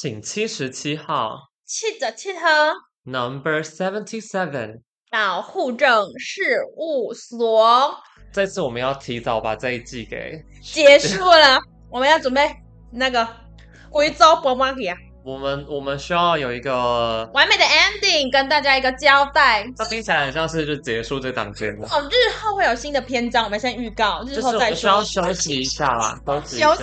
請七十七號，七十七號，Number seventy seven，到戶政事務所。這次我們要提早把這一季給結束了， 我們要準備那個回家播嘛？給啊。我們我們需要有一個完美的 ending，跟大家一個交代。那聽起來很像是就結束這檔節目。哦，日後會有新的篇章，我們先預告，日後再說。我需要休息一下啦，休息一下。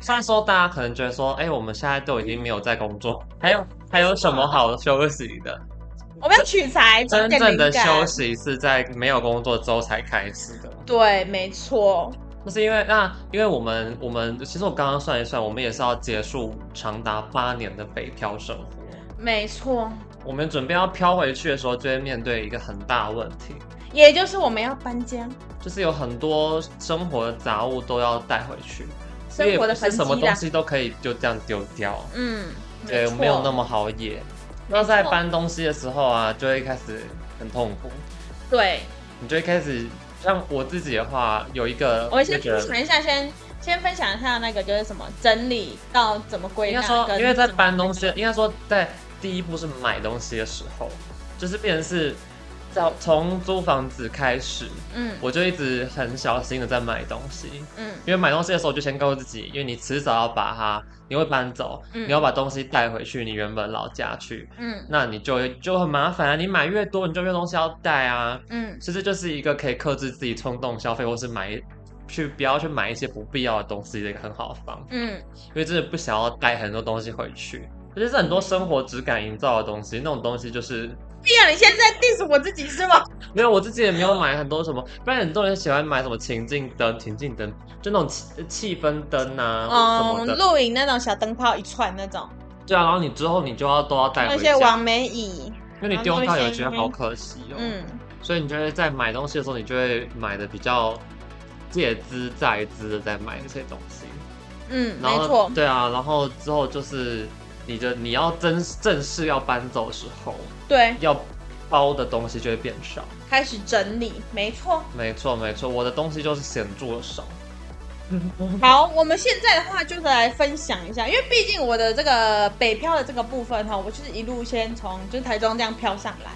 雖然息說大家可能覺得說，哎、欸，我們現在都已經沒有在工作，還有還有什麼好休息的？就我們要取材，真正的感休息是在沒有工作之後才開始的。對，沒錯。那是因為那，因為我們我們其實我剛剛算一算，我們也是要結束長達八年的北漂生活。沒錯錯。我們準備要飄回去的時候，就會面對一個很大問題，也就是我們要搬家，就是有很多生活的雜物都要帶回去，生活的所以不是什麼東西都可以就這樣丟掉。嗯。對，沒有那麼好野。那錯在搬東西的時候啊，就會開始很痛苦。對。你就會開始。像我自己的話，有一個，我先分享一下，先先分享一下那個就是什麼整理到怎麼歸納。應該說，因為在搬東西，應該說在第一步是買東西的時候，就是變成是。從租房子開始，嗯，我就一直很小心的在買東西，嗯，因為買東西的時候就先告訴自己，因為你遲早要把它，你會搬走，嗯，你要把東西帶回去，你原本老家去，嗯，那你就就很麻煩啊，你買越多，你就越東西要帶啊，嗯，其實就是一個可以克制自己衝動消費，或是買去不要去買一些不必要的東西的一個很好的方法，嗯，因為真的不想要帶很多東西回去，而且是很多生活質感營造的東西，那種東西就是。你現在在 diss 我自己是嗎？沒有，我自己也沒有買很多什麼， 不然很多人喜歡買什麼情境燈、情境燈，就那種氣氣氛燈啊，嗯，什麼的。露營那種小燈泡一串那種。對啊，然後你之後你就要都要帶回家。那些網美椅，因為你丟掉也覺得好可惜哦。嗯。所以你就會在買東西的時候，你就會買的比較借支再支的在買那些東西。嗯，然後，沒錯。對啊，然後之後就是。你的你要真正式要搬走的時候，對，要包的東西就會變少，開始整理，沒錯，沒錯，沒錯，我的東西就是顯著的少。好，我們現在的話就是來分享一下，因為畢竟我的這個北漂的這個部分哈，我就是一路先從就是、台中這樣漂上來，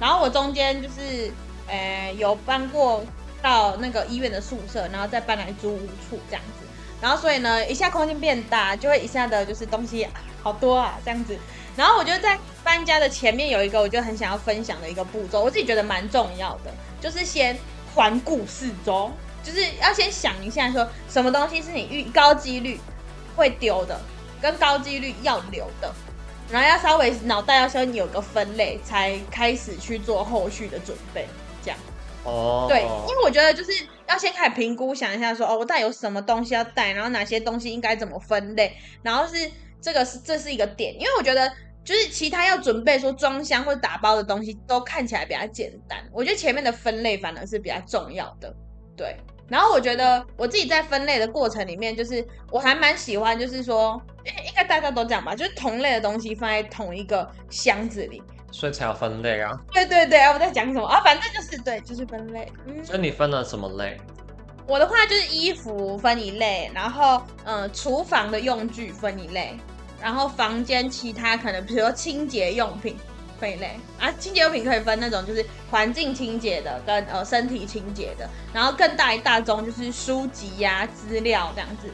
然後我中間就是、呃、有搬過到那個醫院的宿舍，然後再搬來租屋處這樣子。然後，所以呢，一下空間變大，就會一下子就是東西好多啊，這樣子。然後我覺得在搬家的前面有一個，我就很想要分享的一個步驟，我自己覺得蠻重要的，就是先環顧四周，就是要先想一下說，說什麼東西是你預高幾率會丟的，跟高幾率要留的，然後要稍微腦袋要你有個分類，才開始去做後續的準備，這樣。哦，oh. 對，因為我覺得就是要先開始評估，想一下說，哦，我到底有什麼東西要帶，然後哪些東西應該怎麼分類，然後是這個是這是一個點，因為我覺得就是其他要準備說裝箱或者打包的東西都看起來比較簡單，我覺得前面的分類反而是比較重要的，對。然後我覺得我自己在分類的過程裡面，就是我還蠻喜歡，就是說應該大家都這樣吧，就是同類的東西放在同一個箱子裡。所以才要分類啊！對對對，我在講什麼啊？反正就是對，就是分類。嗯、所以你分了什麼類？我的話就是衣服分一類，然後嗯、呃，廚房的用具分一類，然後房間其他可能比如說清潔用品分一類啊。清潔用品可以分那種就是環境清潔的跟呃身體清潔的，然後更大一大宗就是書籍呀、啊、資料這樣子，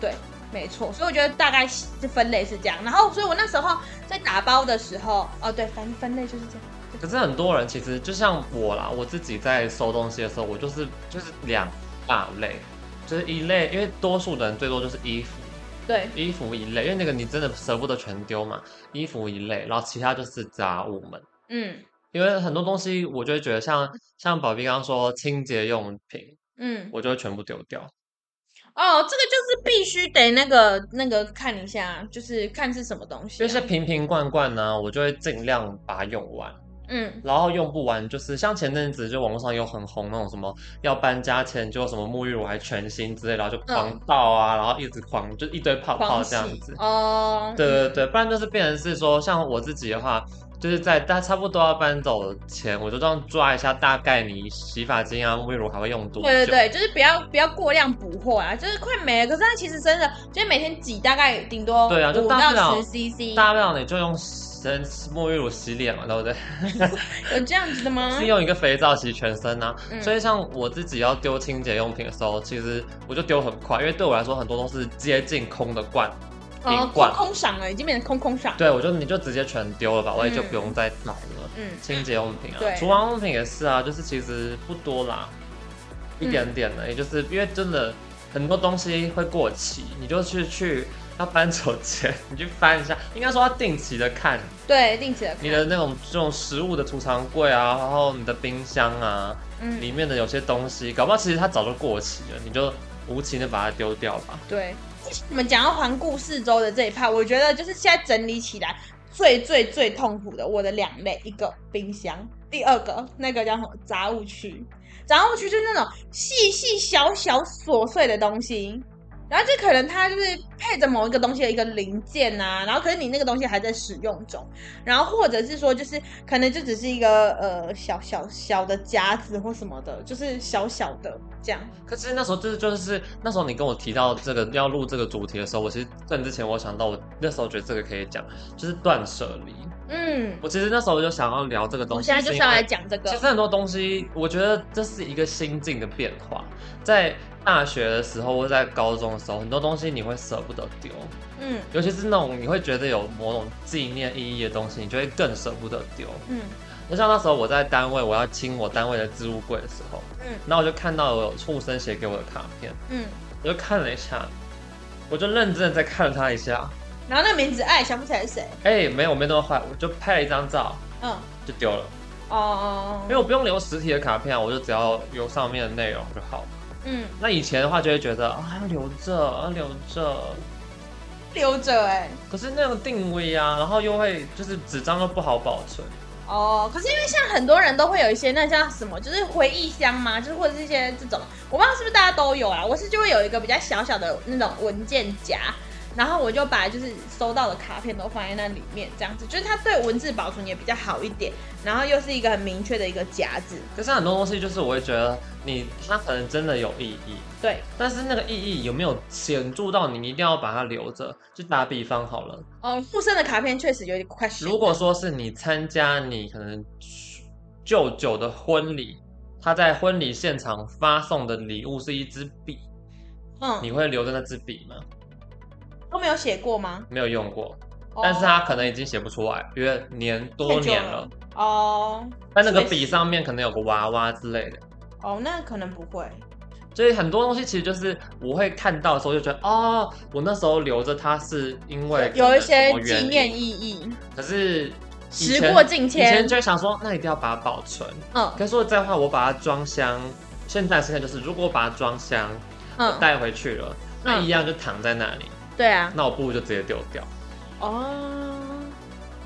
對。沒錯，所以我覺得大概這分類是這樣。然後，所以我那時候在打包的時候，哦、喔，對，分分類就是這樣。這樣可是很多人其實就像我啦，我自己在收東西的時候，我就是就是兩大類，就是一類，因為多數的人最多就是衣服，對，衣服一類，因為那個你真的捨不得全丟嘛，衣服一類，然後其他就是雜物們，嗯，因為很多東西我就會覺得像像寶貝剛剛說清潔用品，嗯，我就會全部丟掉。哦，這個就是必須得那個那個看一下，就是看是什麼東西，啊。就是瓶瓶罐罐呢，我就會盡量把它用完，嗯，然後用不完就是像前陣子就網絡上有很紅那種什麼要搬家前就有什麼沐浴乳還全新之類，然後就狂倒啊，哦、然後一直狂，就一堆泡泡這樣子。哦，對對對，嗯、不然就是變成是說像我自己的話。就是在大差不多要搬走的前，我就這樣抓一下，大概你洗髮精啊、沐浴乳還會用多久？對對對，就是不要不要過量補貨啊，就是快沒了。可是它其實真的，就是每天擠大概頂多對啊，就五到十 CC，大不了你就用剩沐浴乳洗臉嘛，對不對？有這樣子的嗎？ 是用一個肥皂洗全身啊。嗯、所以像我自己要丟清潔用品的時候，其實我就丟很快，因為對我來說很多都是接近空的罐。啊，過、哦、空賞了，已經變成空空賞。對，我覺得你就直接全丟了吧，嗯、我也就不用再買了。嗯，清潔用品啊，廚對房用品也是啊，就是其實不多啦，嗯、一點點的，也就是因為真的很多東西會過期，你就去去要搬走前，你去翻一下，應該說要定期的看。對，定期的看。你的那種這種食物的儲藏櫃啊，然後你的冰箱啊，裡面的有些東西，嗯、搞不好其實它早就過期了，你就無情的把它丟掉吧。對。我們講要環顧四周的這一趴，我覺得就是現在整理起來最最最痛苦的，我的兩類：一個冰箱，第二個那個叫什麼雜物區。雜物區就是那種細細小小瑣碎的東西。然後就可能它就是配着某一個東西的一個零件啊，然後可是你那個東西還在使用中，然後或者是說就是可能就只是一個呃小小小的夾子或什麼的，就是小小的這樣。可是那時候就是就是那時候你跟我提到這個要錄這個主題的時候，我其實在之前我想到我那時候覺得這個可以講，就是斷捨離。嗯，我其實那時候我就想要聊這個東西。我現在就是要來講這個。其實很多東西，我覺得這是一個心境的變化，在。大學的時候或在高中的時候，很多東西你會舍不得丟，嗯，尤其是那種你會覺得有某種紀念意義的東西，你就會更捨不得丟，嗯。就像那時候我在單位，我要清我單位的置物櫃的時候，嗯，那我就看到我有畜生寫給我的卡片，嗯，我就看了一下，我就認真的再看了他一下，然後那名字哎，想不起來是誰，哎、欸，沒有，沒那麼壞，我就拍了一張照，嗯，就丟了，哦哦，哦哦哦，因為我不用留實體的卡片，我就只要有上面的內容就好。嗯，那以前的話就會覺得啊，哦、還要留着，還要留着，留着哎、欸。可是那種定位啊，然後又會就是紙張又不好保存。哦，可是因為像很多人都會有一些那像什麼，就是回憶箱嘛，就是或者是一些這種，我不知道是不是大家都有啊。我是就會有一個比較小小的那種文件夾。然後我就把就是收到的卡片都放在那裡面，這樣子就是它對文字保存也比較好一點。然後又是一個很明確的一個夾子。可是很多東西就是我會覺得你它可能真的有意義。對。但是那個意義有沒有顯著到你，你一定要把它留着？就打比方好了。哦，附身的卡片確實有點 questionable。如果說是你參加你可能舅舅的婚禮，他在婚禮現場發送的禮物是一支筆，嗯，你會留着那支筆嗎？都沒有寫過嗎？沒有用過，oh, 但是他可能已經寫不出來，因為年多年了哦。了 oh, 但那個筆上面可能有個娃娃之類的哦，oh, 那可能不會。所以很多東西其實就是我會看到的時候就覺得，哦，我那時候留着它是因為因有,有一些紀念意義。可是時過境遷，以前就想說那一定要把它保存。嗯，可是再話我把它裝箱，現在時間就是如果我把它裝箱，嗯，帶回去了，嗯、那一樣就躺在那裡。對啊，那我不如就直接丟掉，哦，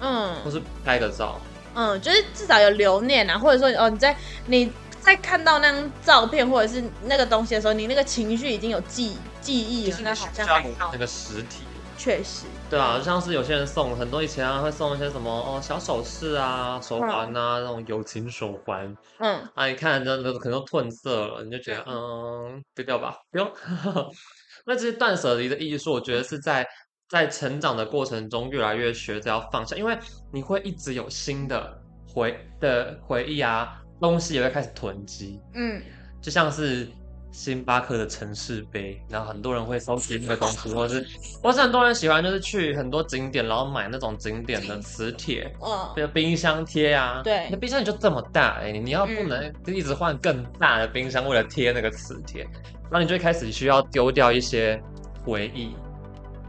嗯，或是拍個照。嗯，就是至少有留念啊，或者說，哦，你在你在看到那張照片或者是那個東西的時候，你那個情緒已經有記記憶了，那好像好就那個實體確實。對啊，嗯、就像是有些人送很多以前啊會送一些什麼哦小首飾啊手環啊那、嗯、種友情手環，嗯啊，你看真的可能都褪色了，你就覺得嗯，丟掉吧，不用。 那這些斷捨離的藝術，我覺得是在在成長的過程中，越來越學着要放下，因為你會一直有新的回的回憶啊，東西也會開始囤積，嗯，就像是星巴克的城市杯，然後很多人會收集那個東西，或是我，是很多人喜歡就是去很多景點，然後買那種景點的磁鐵，比如冰箱貼啊。對，那冰箱就這麼大，欸，哎，你要不能就一直換更大的冰箱，為了貼那個磁鐵。那你最開始需要丟掉一些回憶，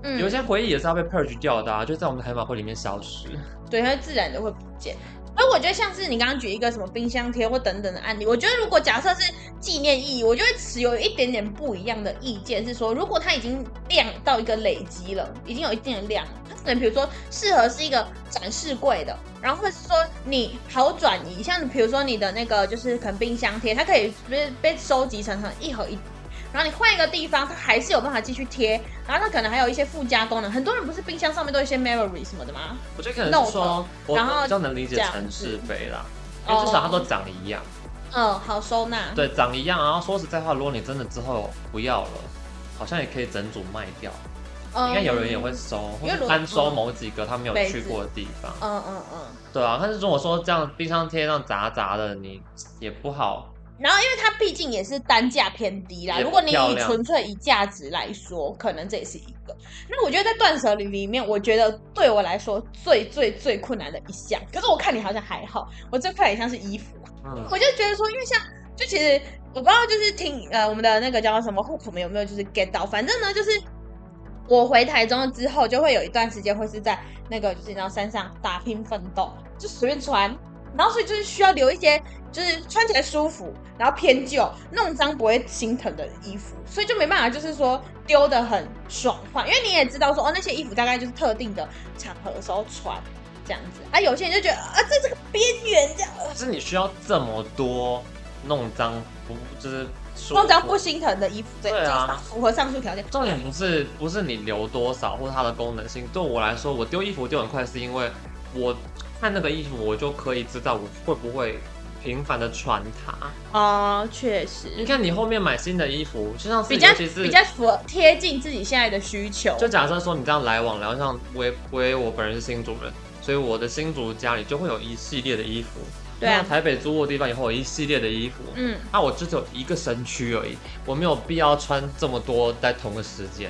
嗯、有些回憶也是要被 purge 掉的，啊,就在我們的海馬迴裡面消失。對，它自然就會不見。所以我覺得像是你剛剛舉一個什麼冰箱貼或等等的案例，我覺得如果假設是紀念意義，我就會持有一點點不一樣的意見，是說如果它已經量到一個累積了，已經有一定的量，它可能比如說適合是一個展示櫃的，然後或是說你好轉移，像比如說你的那個就是可能冰箱貼，它可以是是被被收集成，成一盒一，然後你換一個地方，它還是有辦法繼續貼。然後它可能還有一些附加功能。很多人不是冰箱上面都有一些 memory 什麼的嗎？我覺得可能說，Note, 我比較能理解城市杯啦，因為至少它都長一樣。Oh, 嗯，好收納。對，長一樣。然後說實在話，如果你真的之後不要了，好像也可以整組賣掉。嗯、應該有人也會收，單收某幾個他沒有去過的地方。嗯嗯嗯。呃呃、對啊，但是如果說這樣冰箱貼這樣雜雜的，你也不好。然後，因為它畢竟也是單價偏低啦。如果你以純粹以價值來說，可能這也是一個。那我覺得在斷捨離裡，裡面，我覺得對我來說最最最困難的一項，可是我看你好像還好。我最困難一項是衣服，嗯、我就覺得說，因為像就其實我不知道就是聽呃我們的那個叫什麼護口們有沒有就是 get 到？反正呢，就是我回台中之後，就會有一段時間會是在那個就是到山上打拼奮鬥，就隨便穿。然後所以就是需要留一些，就是穿起來舒服，然後偏舊、弄髒不會心疼的衣服，所以就沒辦法，就是說丟得很爽快。因為你也知道說，說哦，那些衣服大概就是特定的場合的時候穿這樣子。啊，有些人就覺得啊，在、呃、這，這個邊緣這樣，是、呃、你需要這麼多弄髒不就是弄髒不心疼的衣服，對啊，符合上述條件。重點不是不是你留多少或是它的功能性，對我來說，我丟衣服丟很快是因為我。看那個衣服，我就可以知道我會不會頻繁的穿它。哦，確實。你看你後面買新的衣服，就像比較貼近自己現在的需求。就假設說你這樣來往來，然後像我，我本人是新竹人，所以我的新竹家裡就會有一系列的衣服。對啊，台北租過地方以後，有一系列的衣服。嗯。啊，我只有一個身軀而已，我沒有必要穿這麼多在同個時間。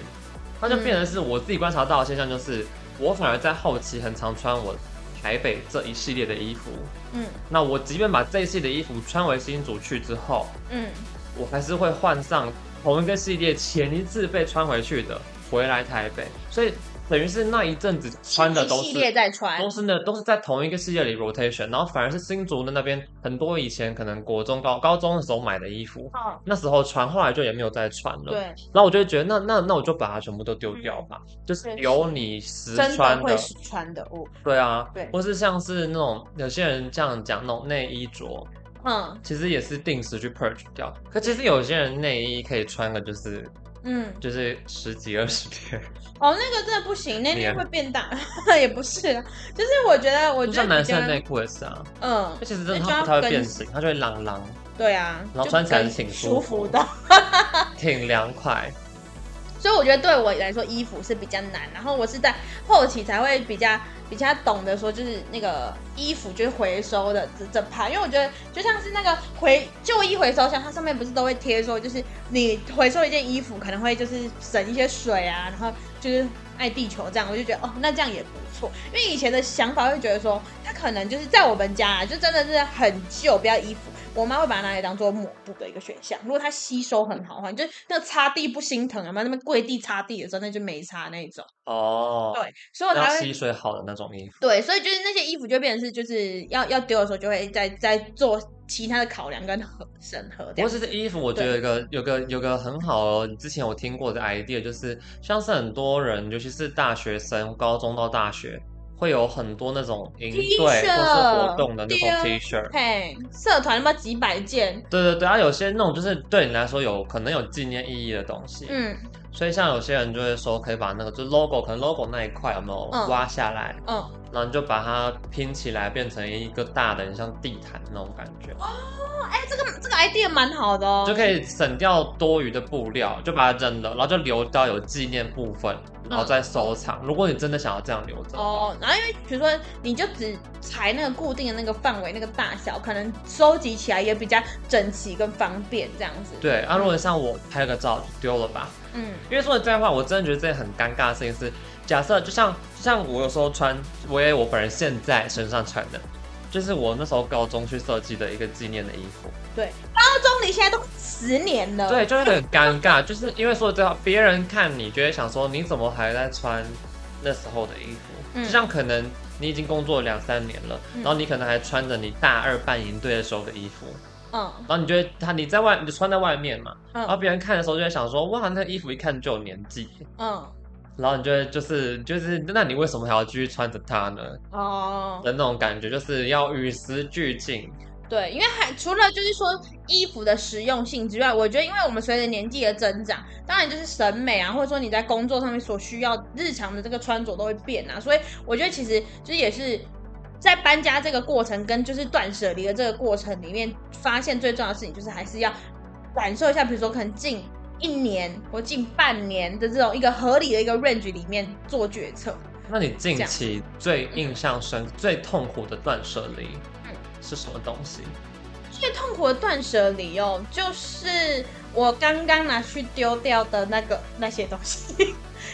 那就變成是我自己觀察到的現象，就是我反而在後期很常穿我。台北這一系列的衣服，嗯，那我即便把這一系列的衣服穿回新竹去之後，嗯，我還是會換上同一個系列前一次被穿回去的，回來台北，所以。等於是那一陣子穿的都是系列，在穿，都是那都是在同一個世界裡 rotation，然後反而是新竹的那邊很多以前可能國中高高中的時候買的衣服，那時候穿，後來就也沒有再穿了。對，然後我就會覺得那那那，那我就把它全部都丟掉吧，就是有你實穿的，實穿的，對啊，對，或是像是那種有些人這樣講那種內衣着，嗯，其實也是定時去 purge 掉。可其實有些人內衣可以穿的，就是。嗯，就是十幾二十天。哦，那個真的不行，那你會變大。那、啊、 也不是，就是我覺得，我覺得比較就男生內褲是啊嗯，其實真的它會變形，它就會啷啷。對啊，然後穿起來是挺舒服，舒服的， 挺涼快。所以我覺得對我來說，衣服是比較難。然後我是在後期才會比較比較懂得說，就是那個衣服就是回收的這這盤，因為我覺得就像是那個回舊衣回收箱，像它上面不是都會貼說，就是你回收一件衣服可能會就是省一些水啊，然後就是愛地球這樣。我就覺得哦，那這樣也不錯。因為以前的想法會覺得說，它可能就是在我們家啊，就真的是很舊不要衣服。我媽會把它拿來當做抹布的一個選項，如果它吸收很好的話，你就那個擦地不心疼啊，媽那邊跪地擦地的時候，那就沒擦那種。哦。對，所以它吸水好的那種衣服。對，所以就是那些衣服就變成是就是要要丟的時候就會再再做其他的考量跟審核。不是，這衣服我覺得有個對有個有個很好，你之前我聽過的 idea 就是，像是很多人，尤其是大學生，高中到大學。會有很多那種營隊，或是活動的那種 T 恤，社團嘛，幾百件，對對對、啊，然後，有些那種就是對你來說有可能有紀念意義的東西，嗯，所以像有些人就會說可以把那個就 logo，可能 logo 那一塊有沒有挖下來，嗯。嗯然後你就把它拼起來，變成一個大的，像地毯那種感覺哦。哎、欸，這個這個 idea 蠻好的哦，就可以省掉多餘的布料，就把它扔了，然後就留到有紀念部分，然後再收藏。嗯、如果你真的想要這樣留着哦，然後因為比如說，你就只裁那個固定的那個範圍，那個大小，可能收集起來也比較整齊跟方便，這樣子。對，啊，如果像我拍個照就丟了吧，嗯，因為說實在話，我真的覺得這很尷尬的事情是。假設就像就像我有時候穿，我也我本人現在身上穿的，就是我那時候高中去設計的一個紀念的衣服。對，高中你現在都十年了。對，就是很尷尬， 就是因為說實話別人看你，覺得想說你怎麼還在穿那時候的衣服？嗯、就像可能你已經工作兩三年了，嗯、然後你可能還穿着你大二半營隊的時候的衣服。嗯，然後你覺得他你在外你就穿在外面嘛，嗯、然後別人看的時候就在想說哇，那個、衣服一看就有年紀。嗯。然後你覺得就是就是，那你為什麼還要繼續穿着它呢？哦，oh. 的那種感覺就是要與時俱進。對，因為還除了就是說衣服的實用性之外，我覺得因為我們隨着年紀的增長，當然就是審美啊，或者說你在工作上面所需要日常的這個穿着都會變啊，所以我覺得其實就是也是在搬家這個過程跟就是斷舍離的這個過程裡面，發現最重要的事情就是還是要感受一下，比如說可能進一年或近半年的這種一個合理的一個 range 裡面做決策。那你近期最印象深、嗯、最痛苦的斷捨離是什麼東西？最痛苦的斷捨離哦，就是我剛剛拿去丟掉的那個那些東西，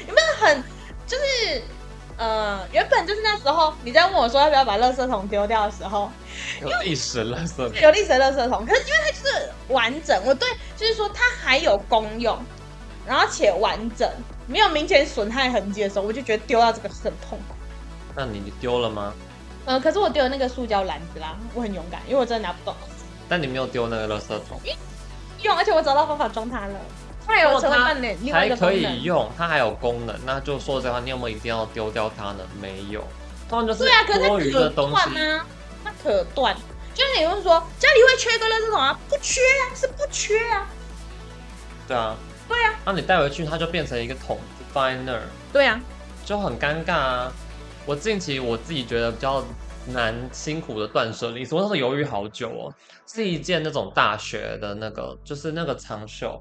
有沒有很就是？呃，原本就是那時候你在問我說要不要把垃圾桶丟掉的時候，有歷史垃圾桶，有歷史的垃圾桶。可是因為它就是完整，我對就是說它還有功用，然後且完整，沒有明顯損害痕迹的時候，我就覺得丟到這個是很痛苦。那你丟了嗎？嗯、呃，可是我丟了那個塑膠籃子啦，我很勇敢，因為我真的拿不動。但你沒有丟那個垃圾桶。用，而且我找到方法裝它了。它還，有呢，它還可以用，它還有功能，功能，那就說實話，你有沒有一定要丟掉它呢？沒有，啊就是多餘的東西它、啊、可斷、啊，就像、是、你問說家裡會缺個了這種啊，不缺啊，是不缺啊。對啊。對啊，那你帶回去，它就變成一個桶，放在那兒。對啊，就很尷尬啊。我近期我自己覺得比較難辛苦的斷舍離，我都是猶豫好久哦。是一件那種大學的那個，就是那個長袖。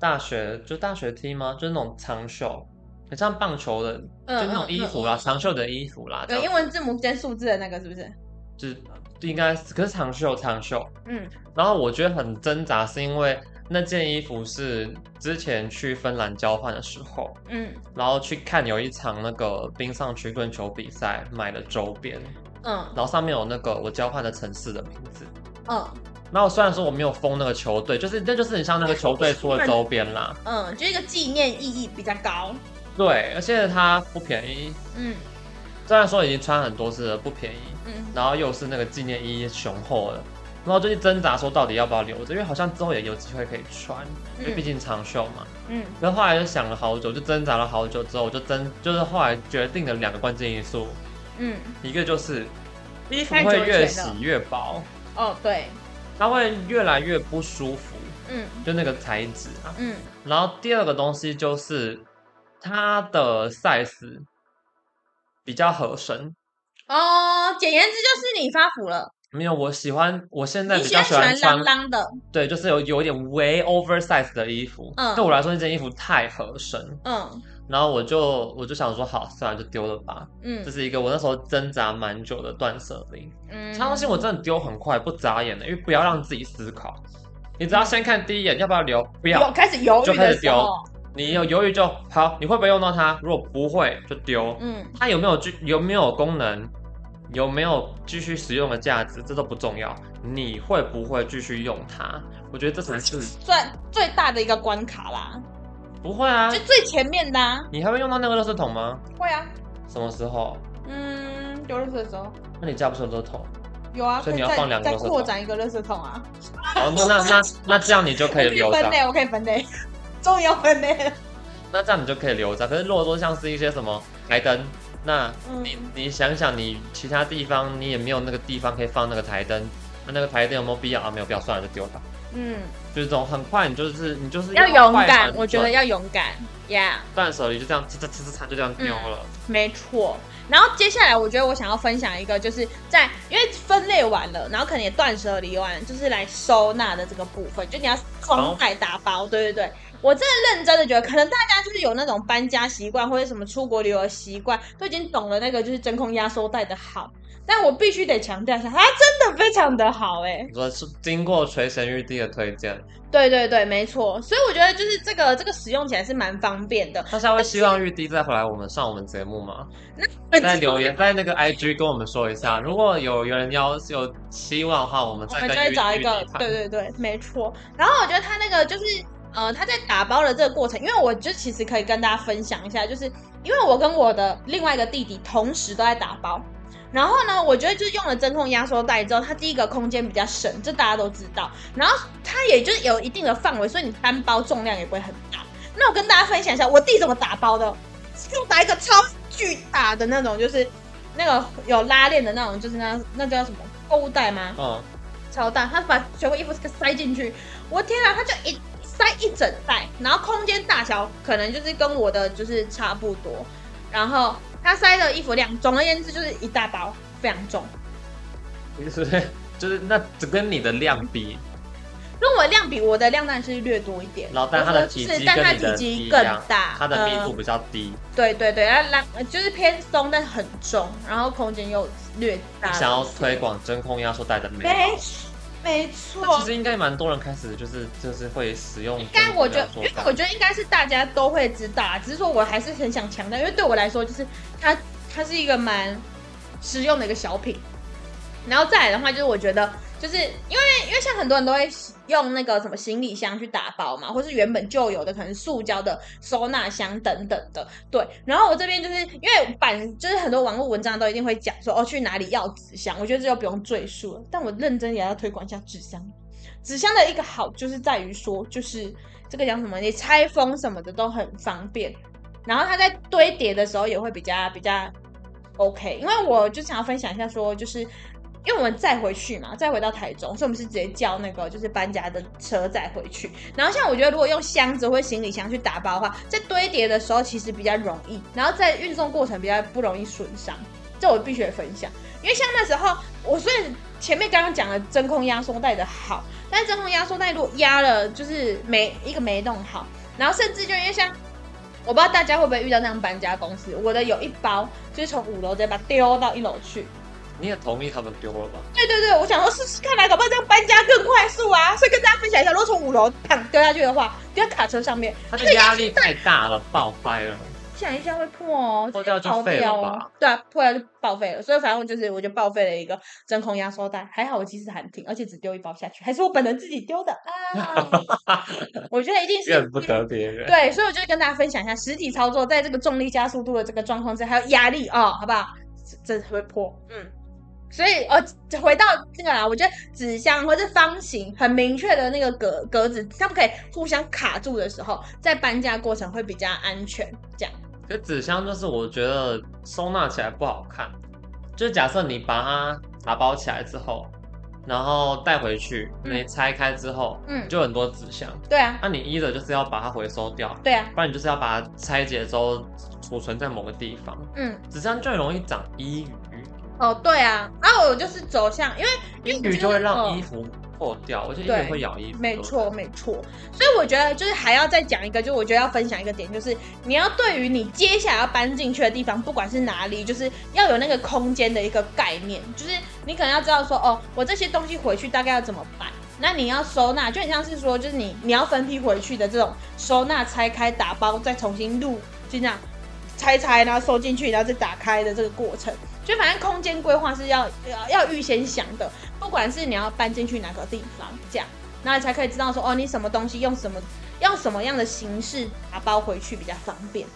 大學就大學 T 嗎？就那種長袖，很像棒球的，嗯、就那種衣服啦，嗯嗯、長袖的衣服啦。有、嗯、就英文字母兼數字的那個是不是？是，應該是。可是長袖，長袖。嗯。然後我覺得很掙扎，是因為那件衣服是之前去芬蘭交換的時候，嗯，然後去看有一場那個冰上曲棍球比賽買的周邊，嗯，然後上面有那個我交換的城市的名字，嗯。那我雖然說我沒有封那個球隊，就是這就是你像那個球隊出的周邊啦，嗯，就是一個紀念意義比較高，對，而現在它不便宜，嗯，雖然說已經穿很多次了，不便宜，嗯，然後又是那個紀念意義雄厚的，然後就去掙扎說到底要不要留着，因為好像之後也有機會可以穿，因為畢竟長袖嘛，嗯，嗯然後後來就想了好久，就掙扎了好久之後，我就真，就是後來決定了兩個關鍵因素，嗯，一個就是衣服會越洗越薄，嗯、哦，對。他會越來越不舒服，嗯，就那個材質啊，嗯，然後第二個東西就是他的 size 比較合身，哦，簡言之就是你發福了。沒有，我喜歡我現在比較喜歡穿浪浪的，對，就是有有一點 way oversize 的衣服。嗯，對我來說那件衣服太合身。嗯，然後我就我就想說，好，算了，就丟了吧。嗯，這是一個我那時候掙扎蠻久的斷舍離。嗯，相信我真的丟很快，不眨眼的、欸，因為不要讓自己思考。你只要先看第一眼，嗯、要不要留？不要，開始猶豫就開始丟。你有猶豫就好，你會不會用到它？如果不會就丟。嗯，它有沒有就有沒有功能？有沒有繼續使用的價值，這都不重要。你會不會繼續用它？我覺得這才是最最大的一個關卡啦。不會啊，就最前面的啊。你還會用到那個垃圾桶嗎？會啊。什麼時候？嗯，丟垃圾的時候。那你家不是有垃圾桶？有啊，所以你要放兩個，再擴展一個垃圾桶啊。 哦，那那那這樣你就可以留下。可以分類，我可以分類。終於要分類。那這樣你就可以留着，可是如果說像是一些什麼開燈。那、嗯、你你想想，你其他地方你也沒有那個地方可以放那個檯燈，那那個檯燈有沒有必要啊？沒有必要，算了就丟掉。嗯，就是這種很快，你就是你就是要，要勇敢，我覺得要勇敢，Yeah。斷捨離就這樣，呲呲呲呲，就這樣丟了。嗯、沒錯。然後接下來我覺得我想要分享一個，就是在因為分類完了，然後可能也斷捨離完，就是來收納的這個部分，就你要裝袋打包，後對對對。我真的認真的覺得，可能大家就是有那種搬家習慣或者什麼出國旅遊的習慣，都已經懂了那個就是真空壓縮袋的好。但我必須得強調一下，它真的非常的好哎、欸！我是經過垂涎玉帝的推薦。對對對，沒錯。所以我覺得就是這個這個使用起來是蠻方便的。他稍微希望玉帝再回來我們上我們節目嗎？那在留言在那個 IG 跟我們說一下，如果有有人要有希望的話，我們再再找一個。對對對，沒錯。然後我覺得他那個就是。呃，他在打包的這個過程，因為我就其實可以跟大家分享一下，就是因為我跟我的另外一個弟弟同時都在打包，然後呢，我覺得就是用了真空壓縮袋之後，它第一個空間比較省，這大家都知道，然後它也就是有一定的範圍，所以你單包重量也不會很大。那我跟大家分享一下我弟怎麼打包的，就打一個超巨大的那種，就是那個有拉鏈的那種，就是那那叫什麼購物袋嗎？嗯，超大，他把全部衣服塞進去，我天啊，他就一。塞一整袋，然後空間大小可能就是跟我的就是差不多，然後它，塞的衣服量，總而言之就是一大包，非常重。就是就是那跟你的量比，跟我量比，我的量當然是略多一點。老大，它的體積、就是、但它的體積更大，它大的密度比較低。呃、對對對，它就是偏鬆，但是很重，然後空間又略大。想要推廣真空壓縮袋的美沒錯，其實應該蠻多人開始就是就是會使用。應該我覺得，因為我覺得應該是大家都會知道啊。只是說我還是很想強調，因為對我來說就是它它是一個蠻實用的一個小品。然後再來的話，就是我覺得。就是因為，因為像很多人都會用那個什麼行李箱去打包嘛，或是原本就有的可能塑膠的收納箱等等的，對。然後我這邊就是因為版，就是很多網絡文章都一定會講說，哦，去哪裡要紙箱，我覺得這就不用贅述了。但我認真也要推廣一下紙箱。紙箱的一個好就是在於說，就是這個講什麼，你拆封什麼的都很方便，然後它在堆疊的時候也會比較比較 OK。因為我就想要分享一下說，就是。因為我們再回去嘛，再回到台中，所以我們是直接叫那個就是搬家的車載回去。然後像我覺得，如果用箱子或行李箱去打包的話，在堆疊的時候其實比較容易，然後在運送過程比較不容易損傷。這我必須得分享，因為像那時候我所以前面剛剛講了真空壓縮袋的好，但是真空壓縮袋如果壓了就是沒一個沒弄好，然後甚至就因為像我不知道大家會不會遇到那樣搬家公司，我的有一包就是從五樓直接把它丟到一樓去。你也同意他們丟了吧？對對對，我想說試，試看來搞不好這樣搬家更快速啊！所以跟大家分享一下，如果從五樓躺掉下去的話，掉在卡車上面，他的壓力太大了，爆開了。想一下會破哦，破掉就廢了，了吧？對啊，破掉就報廢了。所以反正就是，我就報廢了一個真空壓縮袋。還好我及時喊停，而且只丟一包下去，還是我本人自己丟的啊。 我覺得一定是怨不得別人。對，所以我就跟大家分享一下實體操作，在這個重力加速度的這個狀況之下，還有壓力啊、哦，好不好？這，這會破，嗯。所以，呃，回到這個啦，我覺得紙箱或是方形很明確的那個格格子，它不可以互相卡住的時候，在搬家過程會比較安全。這樣。可紙箱就是我覺得收納起來不好看，就是假設你把它打包起來之後，然後帶回去，嗯、你拆開之後，嗯，就很多紙箱。對啊。那、啊、你一着就是要把它回收掉。對啊。不然你就是要把它拆解之後儲存在某個地方。嗯。紙箱最容易長衣魚。哦，對啊，然、啊、後我就是走向，因為英語就會讓、哦、讓衣服破掉，對而且英語會咬衣服。沒錯，沒錯。所以我覺得就是還要再講一個，就我覺得要分享一個點，就是你要對於你接下來要搬進去的地方，不管是哪裡，就是要有那個空間的一個概念，就是你可能要知道說，哦，我這些東西回去大概要怎麼擺。那你要收納，就很像是說，就是你你要分批回去的這種收納，拆開、打包，再重新錄，就這樣拆拆，然後收進去，然後再打開的這個過程。就反正空間規劃是要要要預先想的，不管是你要搬進去哪個地方，這樣，那才可以知道說哦，你什麼東西用什麼，用什麼樣的形式打包回去比較方便。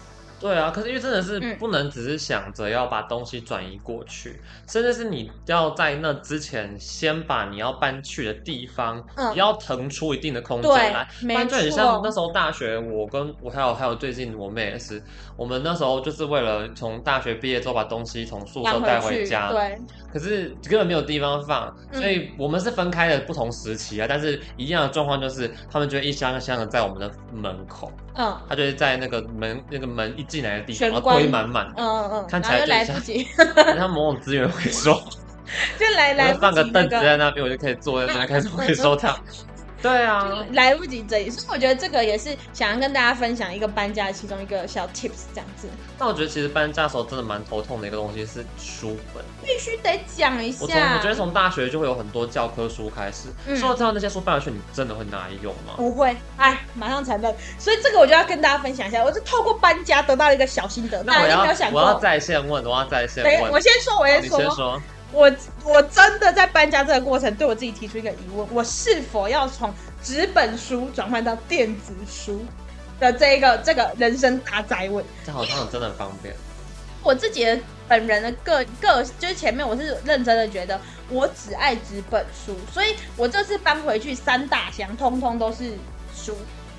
對啊，可是因為真的是不能只是想着要把東西轉移過去，嗯、甚至是你要在那之前先把你要搬去的地方，嗯、要騰出一定的空間來。沒也對像那時候大學，嗯、我跟我還有還有最近我妹也是，我們那時候就是為了從大學畢業之後把東西從宿舍帶回家，對，可是根本沒有地方放，所以我們是分開的不同時期啊，嗯、但是一樣的狀況就是他們就會一箱一箱的在我們的門口，嗯，他就是在那個門那個門一。進來的地方，然後堆滿滿的，嗯嗯，看起來就像 某種資源回收，就來來個 我就放個凳子在那邊，那個、我就可以坐在那，啊、開始回收它。 對啊，來不及整理，所以我覺得這個也是想要跟大家分享一個搬家的其中一個小 tips 這樣子。那我覺得其實搬家的時候真的蠻頭痛的一個東西是書本，必須得講一下。我從，我覺得從大學就會有很多教科書開始，嗯，說到那些書搬出去你真的會拿來用嗎？不會，哎，馬上承認。所以這個我就要跟大家分享一下，我是透過搬家得到了一個小心得。那我要，那你沒有想過，我要在線問，我要在線問。我先說，我先說。我我真的在搬家這個過程，對我自己提出一個疑問：我是否要從紙本書轉換到電子書的這一個這個人生大哉問？這好像真的很方便。我自己本人的個個就是前面我是認真的，覺得我只愛紙本書，所以我這次搬回去三大箱，通通都是書。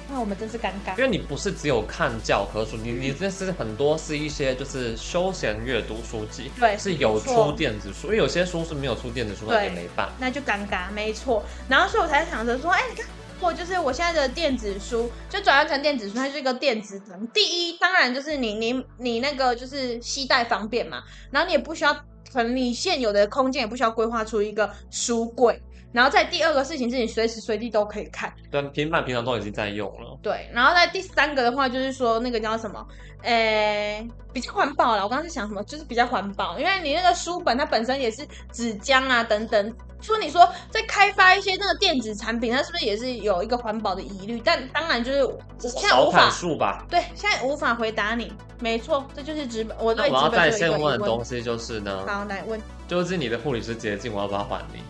那、哦、我們真是尷尬，因為你不是只有看教科書，你你這是很多是一些就是休閒閱讀書籍對、嗯，是有出電子書，因為有些書是沒有出電子書，那對也沒辦法，那就尷尬，沒錯。然後所以我才想着說，哎、欸，你看，我就是我現在的電子書就轉換成電子書，它是一個電子檔，第一，當然就是你你你那個就是攜帶方便嘛，然後你也不需要可能你現有的空間也不需要規劃出一個書櫃。然後在第二個事情是你隨時隨地都可以看，但平板平常都已經在用了。對，然後在第三個的話就是說那個叫什麼，哎，比較環保了。我剛是想什麼，就是比較環保，因為你那個書本它本身也是紙漿啊等等。說你說在開發一些那個電子產品，它是不是也是有一個環保的疑慮？但當然就是現在無法，哦、砍樹吧對，現在無法回答你。沒錯，這就是紙，我都已經問。問的我要在線問的東西就是呢，好，來問，究竟你的護理師捷徑，我要不要還你？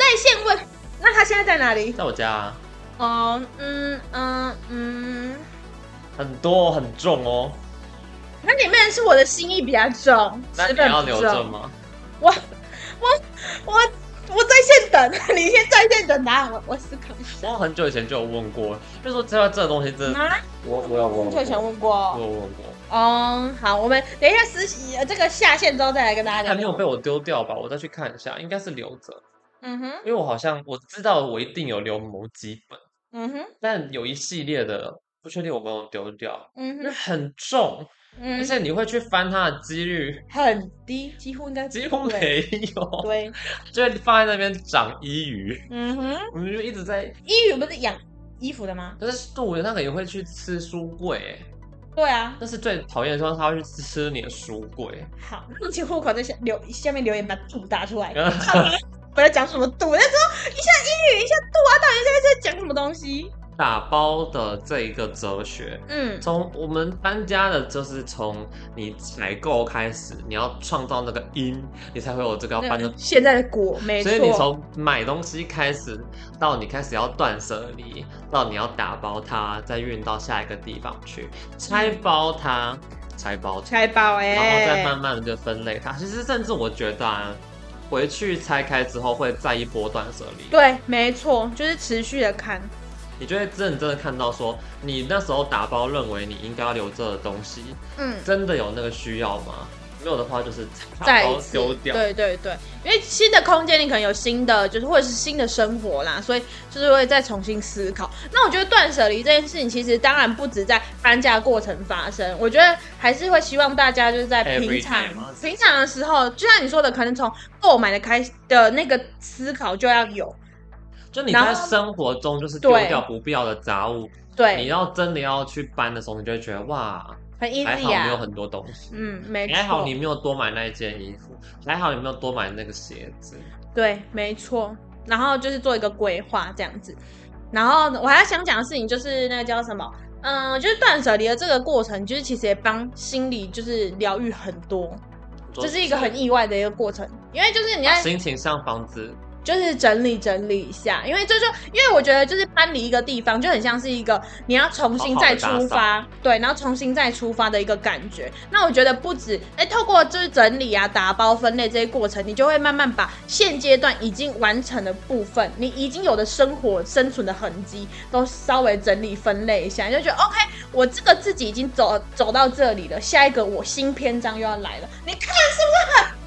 在線問，那他現在在哪裡？在我家，啊。哦、oh, 嗯，嗯嗯嗯，很多，很重哦。那裡面是我的心意比較重，那你要留着嗎？是是我我我我，我在線等， 你先在線等他。我思考一下。我很久以前就有問過，就是，說知道這個東西真的，啊，我我有問過，很久以前問過，我有問過。嗯，好，我們等一下實習、呃，這個下線之後再來跟大家聊。還沒有被我丟掉吧？我再去看一下，應該是留着。嗯哼，因為我好像我知道我一定有留某幾本，嗯哼，但有一系列的不確定我沒有丟掉，嗯哼，很重，嗯、哼而且你會去翻它的幾率很低，幾乎應該幾，幾乎沒有，對，就放在那邊長衣魚，嗯哼，我們就一直在衣魚，不是養衣服的嗎？就是動物園它可能會去吃書櫃、欸。對啊，這是最討厭的，就是、說他會去吃，吃你的書櫃。好，目前護口在下留下面留言，把“度”打出來。本來講什麼“度”，那時候一下英語，一下“度”，啊，到底是在在講什麼東西？打包的這一個哲學，嗯，從我們搬家的，就是從你採購開始，你要創造那個因，你才會有這個要搬的現在的果，沒錯。所以你從買東西開始，到你開始要斷舍離，到你要打包它，再運到下一個地方去拆包它，拆包、嗯、拆包，拆包哎，然後再慢慢的就分類它。其實甚至我覺得啊，回去拆開之後會再一波斷舍離。對，沒錯，就是持續的看。你就會認真的看到說，你那時候打包認為你應該要留着的東西，嗯，真的有那個需要嗎？沒有的話，就是打包丟掉。對對對，因為新的空間你可能有新的，就是或者是新的生活啦，所以就是會再重新思考。那我覺得斷捨離這件事情，其實當然不止在搬家過程發生，我覺得還是會希望大家就是在平常平常的時候，就像你說的，可能從購買的開的那個思考就要有。就你在生活中，就是丟掉不必要的雜物。對，對你要真的要去搬的時候，你就會覺得哇，很 easy 啊、還好沒有很多東西。嗯，沒錯。還好你沒有多買那一件衣服，還好你沒有多買那個鞋子。對，沒錯。然後就是做一個規劃這樣子。然後我還要想講的事情就是那個叫什麼，嗯、呃，就是斷舍離的這個過程，就是其實也幫心理就是療癒很多，這事是一個很意外的一個過程，因為就是你家、啊、心情像房子。就是整理整理一下，因為就是說，因為我覺得就是搬離一個地方，就很像是一個你要重新再出發，好好的打掃。對，然後重新再出發的一個感覺。那我覺得不止，哎，透過就是整理啊、打包、分類這些過程，你就會慢慢把現階段已經完成的部分，你已經有的生活生存的痕跡，都稍微整理分類一下，你就覺得 OK，我這個自己已經走走到這裡了，下一個我新篇章又要來了，你看是不是很？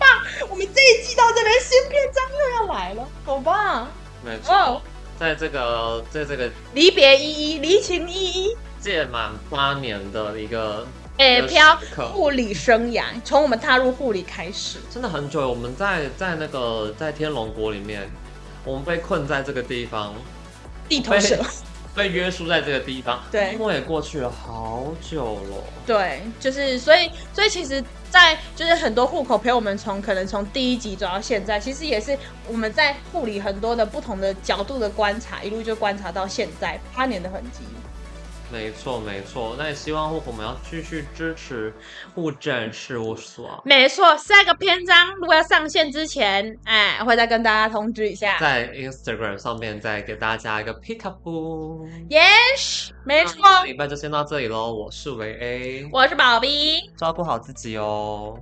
我們這一季到這邊，新篇章又要來了，好棒！沒錯，在，這個哦、在這個，在這個離別依依、離情依依、屆滿八年的一個誒，漂護、欸、理生涯，從我們踏入護理開始，真的很久。我們在在那個在天龍國裡面，我們被困在這個地方，地頭蛇被被約束在這個地方，對，因為也過去了好久了。對，就是所以，所以其實。在就是很多護口陪我們從可能從第一集走到現在，其實也是我們在護理很多的不同的角度的觀察，一路就觀察到現在，八年的痕跡。沒錯，沒錯。那也希望我們要繼續支持護症事務所。沒錯，下一個篇章如果要上線之前，哎，我會再跟大家通知一下。在 Instagram 上面再給大家一個 Pick up，Yes，沒錯。這、啊、禮拜就先到這裡嘍。我是維 A，我是寶 B，照顧好自己哦。